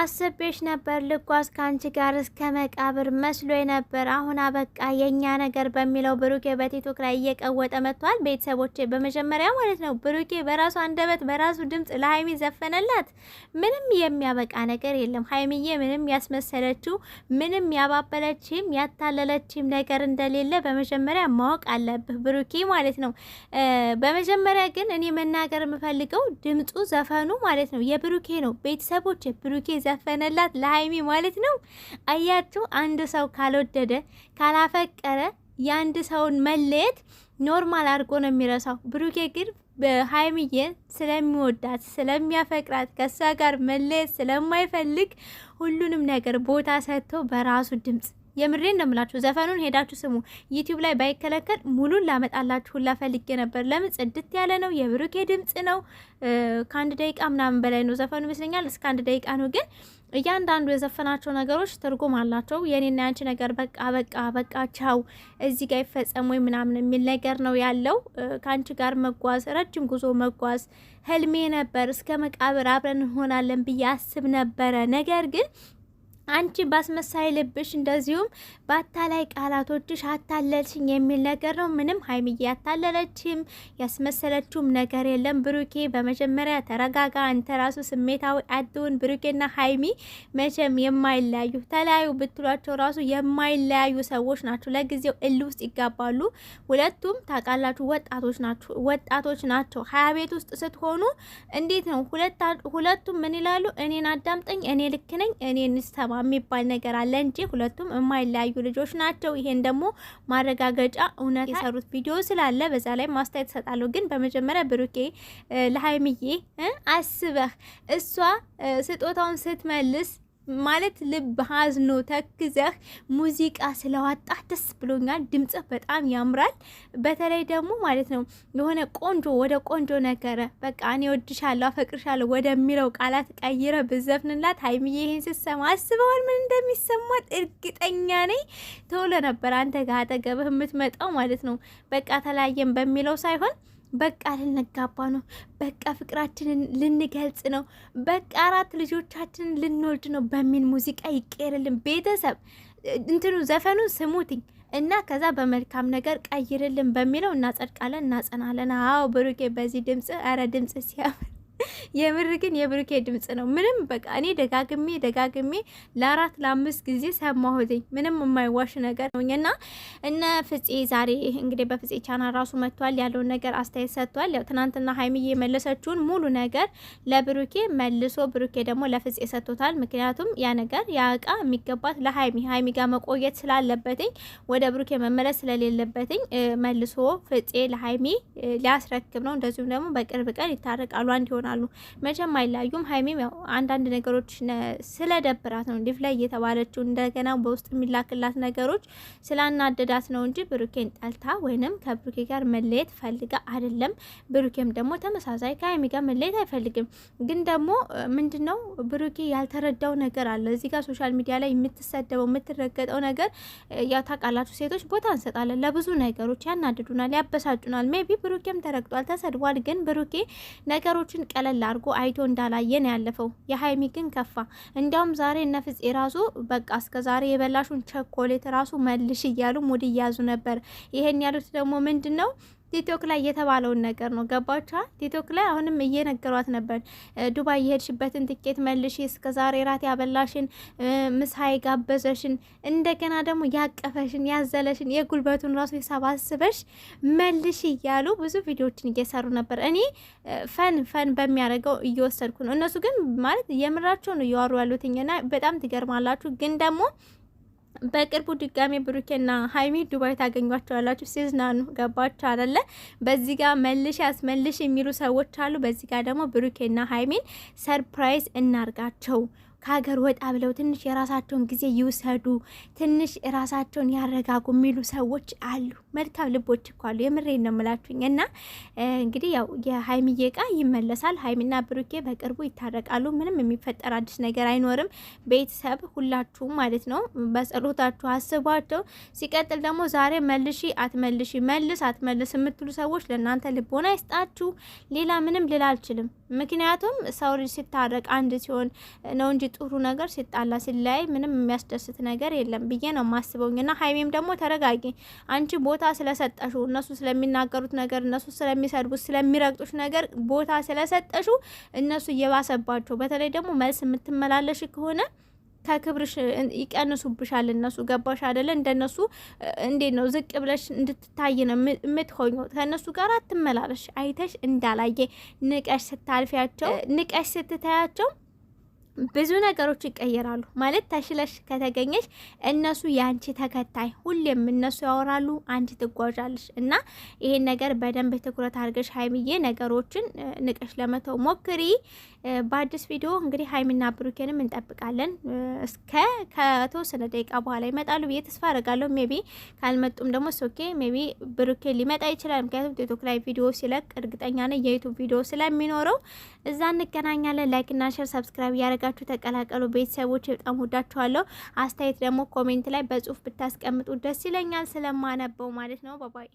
አስቤሽ ነበር ልጓዝ ከአንቺ ጋር እስከ መቃብር መስሎ ነበር። አሁን አበቃ የእኛ ነገር በሚለው ብሩኬ በቲክቶክ ላይ እየቀወጠ መጥቷል። ቤተሰቦቼ በመጀመሪያ ማለት ነው ብሩኬ በራሱ አንደበት በራሱ ድምፅ ለሀይሚ ዘፈነላት። ምንም የሚያበቃ ነገር የለም። ሀይሚዬ ምንም ያስመሰለችው ምንም ያባበለችም ያታለለችም ነገር እንደሌለ በመጀመሪያ ማወቅ አለብህ ብሩኬ ማለት ነው። በመጀመሪያ ግን እኔ መናገር የምፈልገው ድምፁ ዘፈኑ ማለት ነው የብሩኬ ነው። ቤተሰቦቼ ብሩኬ ዘፈነላት ለሀይሚ ማለት ነው። አያችሁ፣ አንድ ሰው ካልወደደ ካላፈቀረ የአንድ ሰውን መለየት ኖርማል አድርጎ ነው የሚረሳው። ብሩኬ ግን በሀይሚዬ ስለሚወዳት ስለሚያፈቅራት ከእሷ ጋር መለየት ስለማይፈልግ ሁሉንም ነገር ቦታ ሰጥቶ በራሱ ድምፅ የምሬን ነው የምላችሁ። ዘፈኑን ሄዳችሁ ስሙ። ዩቲዩብ ላይ ባይከለከል ሙሉን ላመጣላችሁ ሁላ ፈልጌ ነበር። ለምን ጽድት ያለ ነው፣ የብሩኬ ድምጽ ነው። ከአንድ ደቂቃ ምናምን በላይ ነው ዘፈኑ ይመስለኛል፣ እስከ አንድ ደቂቃ ነው። ግን እያንዳንዱ የዘፈናቸው ነገሮች ትርጉም አላቸው። የኔና ያንቺ ነገር በቃ በቃ በቃ ቻው፣ እዚህ ጋር ይፈጸም ወይ ምናምን የሚል ነገር ነው ያለው። ከአንቺ ጋር መጓዝ፣ ረጅም ጉዞ መጓዝ ህልሜ ነበር። እስከ መቃብር አብረን እንሆናለን ብዬ አስብ ነበረ ነገር ግን አንቺ ባስመሳይ ልብሽ እንደዚሁም በአታላይ ቃላቶችሽ አታለልሽኝ የሚል ነገር ነው። ምንም ሀይሚዬ አታለለችም፣ ያስመሰለችውም ነገር የለም። ብሩኬ በመጀመሪያ ተረጋጋ። አንተ ራሱ ስሜታዊ አድውን። ብሩኬና ሀይሚ መቼም የማይለያዩ ተለያዩ ብትሏቸው ራሱ የማይለያዩ ሰዎች ናቸው። ለጊዜው እል ውስጥ ይጋባሉ። ሁለቱም ታውቃላችሁ፣ ወጣቶች ናቸው ወጣቶች ናቸው። ሀያ ቤት ውስጥ ስትሆኑ እንዴት ነው ሁለቱም ምን ይላሉ? እኔን አዳምጠኝ፣ እኔ ልክ ነኝ፣ እኔን የሚባል ነገር አለ እንጂ ሁለቱም የማይለያዩ ልጆች ናቸው። ይሄን ደግሞ ማረጋገጫ እውነት የሰሩት ቪዲዮ ስላለ በዛ ላይ ማስተያየት እሰጣለሁ። ግን በመጀመሪያ ብሩኬ ለሀይምዬ አስበህ እሷ ስጦታውን ስትመልስ ማለት ልብ ሀዝኖ ተክዘህ ሙዚቃ ስለዋጣ ደስ ብሎኛል። ድምጽህ በጣም ያምራል። በተለይ ደግሞ ማለት ነው የሆነ ቆንጆ ወደ ቆንጆ ነገረ በቃ እኔ ወድሻለሁ አፈቅርሻለሁ ወደሚለው ቃላት ቀይረ ብዘፍንላት ሀይሚዬ ይህን ስሰማ አስበዋል ምን እንደሚሰማት እርግጠኛ ነኝ። ቶሎ ነበር አንተ ጋር አጠገብህ የምትመጣው ማለት ነው። በቃ ተለያየን በሚለው ሳይሆን በቃ ልንጋባ ነው። በቃ ፍቅራችንን ልንገልጽ ነው። በቃ አራት ልጆቻችንን ልንወልድ ነው በሚል ሙዚቃ ይቀየርልን። ቤተሰብ እንትኑ ዘፈኑ ስሙትኝ እና ከዛ በመልካም ነገር ቀይርልን በሚለው እናጸድቃለን፣ እናጸናለን። አዎ ብሩኬ በዚህ ድምፅ ረ ድምፅ ሲያምር የምር ግን የብሩኬ ድምጽ ነው። ምንም በቃ እኔ ደጋግሜ ደጋግሜ ለአራት ለአምስት ጊዜ ሰማሁትኝ። ምንም የማይዋሽ ነገር ነው እነ ፍፄ ዛሬ እንግዲህ በፍጼ ቻና ራሱ መጥቷል፣ ያለውን ነገር አስተያየት ሰጥቷል። ያው ትናንትና ሀይሚዬ የመለሰችውን ሙሉ ነገር ለብሩኬ መልሶ ብሩኬ ደግሞ ለፍፄ ሰጥቶታል። ምክንያቱም ያ ነገር ያ እቃ የሚገባት ለሀይሚ ሀይሚ ጋር መቆየት ስላለበትኝ ወደ ብሩኬ መመለስ ስለሌለበትኝ መልሶ ፍፄ ለሀይሚ ሊያስረክብ ነው። እንደዚሁም ደግሞ በቅርብ ቀን ይታረቃሉ፣ አንድ ይሆናሉ ይሆናሉ። መቼም አይለያዩም። ሀይሚም ያው አንዳንድ ነገሮች ስለደብራት ነው ሊቭ ላይ እየተባለችው እንደገና በውስጥ የሚላክላት ነገሮች ስላናደዳት ነው እንጂ ብሩኬን ጠልታ ወይንም ከብሩኬ ጋር መለየት ፈልጋ አይደለም። ብሩኬም ደግሞ ተመሳሳይ ከሀይሚ ጋር መለየት አይፈልግም። ግን ደግሞ ምንድን ነው ብሩኬ ያልተረዳው ነገር አለ እዚህ ጋር ሶሻል ሚዲያ ላይ የምትሰደበው የምትረገጠው ነገር ያው ታውቃላችሁ፣ ሴቶች ቦታ እንሰጣለን ለብዙ ነገሮች ያናድዱናል፣ ያበሳጩናል። ሜቢ ብሩኬም ተረግጧል፣ ተሰድቧል። ግን ብሩኬ ነገሮችን ቀ ቀለል አድርጎ አይቶ እንዳላየን ያለፈው። የሀይሚ ግን ከፋ። እንዲያውም ዛሬ እነ ፍጼ ራሱ በቃ እስከ ዛሬ የበላሹን ቸኮሌት ራሱ መልሽ እያሉ ሙድ እያዙ ነበር። ይሄን ያሉት ደግሞ ምንድን ነው ቲክቶክ ላይ የተባለውን ነገር ነው። ገባችኋ? ቲክቶክ ላይ አሁንም እየነገሯት ነበር። ዱባይ የሄድሽበትን ትኬት መልሽ፣ እስከ ዛሬ ራት ያበላሽን፣ ምሳ የጋበዘሽን፣ እንደገና ደግሞ ያቀፈሽን፣ ያዘለሽን፣ የጉልበቱን ራሱ የሰባስበሽ መልሽ እያሉ ብዙ ቪዲዮዎችን እየሰሩ ነበር። እኔ ፈን ፈን በሚያደርገው እየወሰድኩ ነው። እነሱ ግን ማለት የምራቸው ነው እያወሩ ያሉትኝና በጣም ትገርማላችሁ ግን ደግሞ በቅርቡ ድጋሜ ብሩኬና ሀይሚ ዱባይ ታገኟቸዋላችሁ። ሲዝናኑ ገባችሁ አይደለ? በዚህ ጋር መልሽ ያስመልሽ የሚሉ ሰዎች አሉ። በዚህ ጋር ደግሞ ብሩኬና ሀይሚን ሰርፕራይዝ እናርጋቸው። ከሀገር ወጣ ብለው ትንሽ የራሳቸውን ጊዜ ይውሰዱ፣ ትንሽ ራሳቸውን ያረጋጉ የሚሉ ሰዎች አሉ። መልካም ልቦች እኮ አሉ። የምሬን ነው የምላችሁኝ። እና እንግዲህ ያው የሀይሚዬ እቃ ይመለሳል። ሀይሚና ብሩኬ በቅርቡ ይታረቃሉ። ምንም የሚፈጠር አዲስ ነገር አይኖርም። ቤተሰብ ሁላችሁም ማለት ነው በጸሎታችሁ አስቧቸው። ሲቀጥል ደግሞ ዛሬ መልሺ አትመልሺ፣ መልስ አትመልስ የምትሉ ሰዎች ለእናንተ ልቦና ይስጣችሁ። ሌላ ምንም ልል አልችልም። ምክንያቱም ሰው ልጅ ሲታረቅ አንድ ሲሆን ነው እንጂ ጥሩ ነገር ሲጣላ ሲለያይ ምንም የሚያስደስት ነገር የለም ብዬ ነው ማስበውኝ። ና ሀይሜም ደግሞ ተረጋጊ። አንቺ ቦታ ስለሰጠሹ እነሱ ስለሚናገሩት ነገር እነሱ ስለሚሰድቡት ስለሚረግጡሽ ነገር ቦታ ስለሰጠሹ እነሱ እየባሰባቸው፣ በተለይ ደግሞ መልስ የምትመላለሽ ከሆነ ከክብርሽ ይቀንሱብሻል። እነሱ ገባሽ አይደለ? እንደነሱ እንዴት ነው ዝቅ ብለሽ እንድትታይ ነው የምትሆኙ። ከእነሱ ጋር አትመላለሽ። አይተሽ እንዳላየ ንቀሽ ስታልፊያቸው፣ ንቀሽ ስትታያቸው ብዙ ነገሮች ይቀየራሉ ማለት ተሽለሽ ከተገኘሽ እነሱ የአንቺ ተከታይ ሁሌም እነሱ ያወራሉ፣ አንቺ ትጓዣለሽ። እና ይሄን ነገር በደንብ ትኩረት አድርገሽ ሀይምዬ ነገሮችን ንቀሽ ለመተው ሞክሪ። በአዲስ ቪዲዮ እንግዲህ ሀይሚና ብሩኬንም እንጠብቃለን። እስከ ከተወሰነ ደቂቃ በኋላ ይመጣሉ ብዬ ተስፋ አረጋለሁ። ሜቢ ካልመጡም ደግሞ ሶኬ ሜቢ ብሩኬን ሊመጣ ይችላል። ምክንያቱም ቲክቶክ ላይ ቪዲዮ ሲለቅ እርግጠኛ ነኝ የዩቱብ ቪዲዮ ስለሚኖረው እዛ እንገናኛለን። ላይክና ሸር ሰብስክራይብ እያደረጋችሁ ተቀላቀሉ ቤተሰቦች። በጣም ወዳችኋለሁ። አስተያየት ደግሞ ኮሜንት ላይ በጽሁፍ ብታስቀምጡ ደስ ይለኛል፣ ስለማነበው ማለት ነው። ባባይ